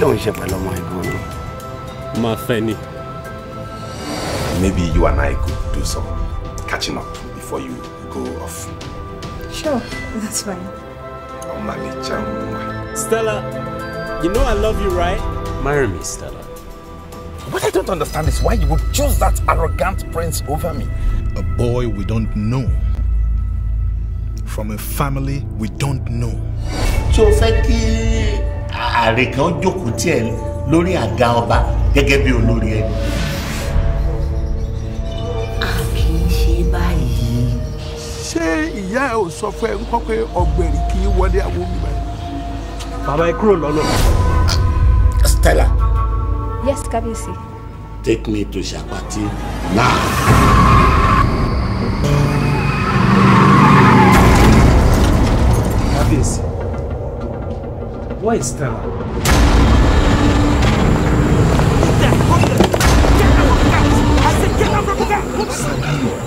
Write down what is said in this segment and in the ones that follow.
Don't shepherd my God. Mafeni. Maybe you and I could do some catching up before you go off. Sure, that's fine. Stella, you know I love you, right? Marry me, Stella. What I don't understand is why you would choose that arrogant prince over me. A boy we don't know. From a family we don't know. Joseki. ààrẹ kan jókòó tiẹ̀ lórí àga ọba gẹ́gẹ́ bí olórí ẹni. a kì í ṣe báyìí. ṣé ìyá ẹ ò sọ fún ẹ ń kọ́ pé ọ̀gbẹ̀rì kì í wọlé àwọn omi báyìí. bàbá ẹ kúrò lọ́nà. Stella. yes kábíyèsí. take me to Ṣàpàtì now. Stella.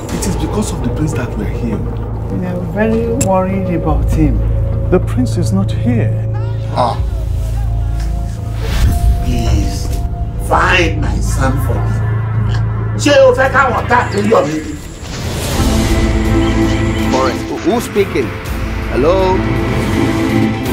It is because of the prince that we're here. We are very worried about him. The prince is not here. Ah. Please, find my son for me. Morris, who's speaking? Hello?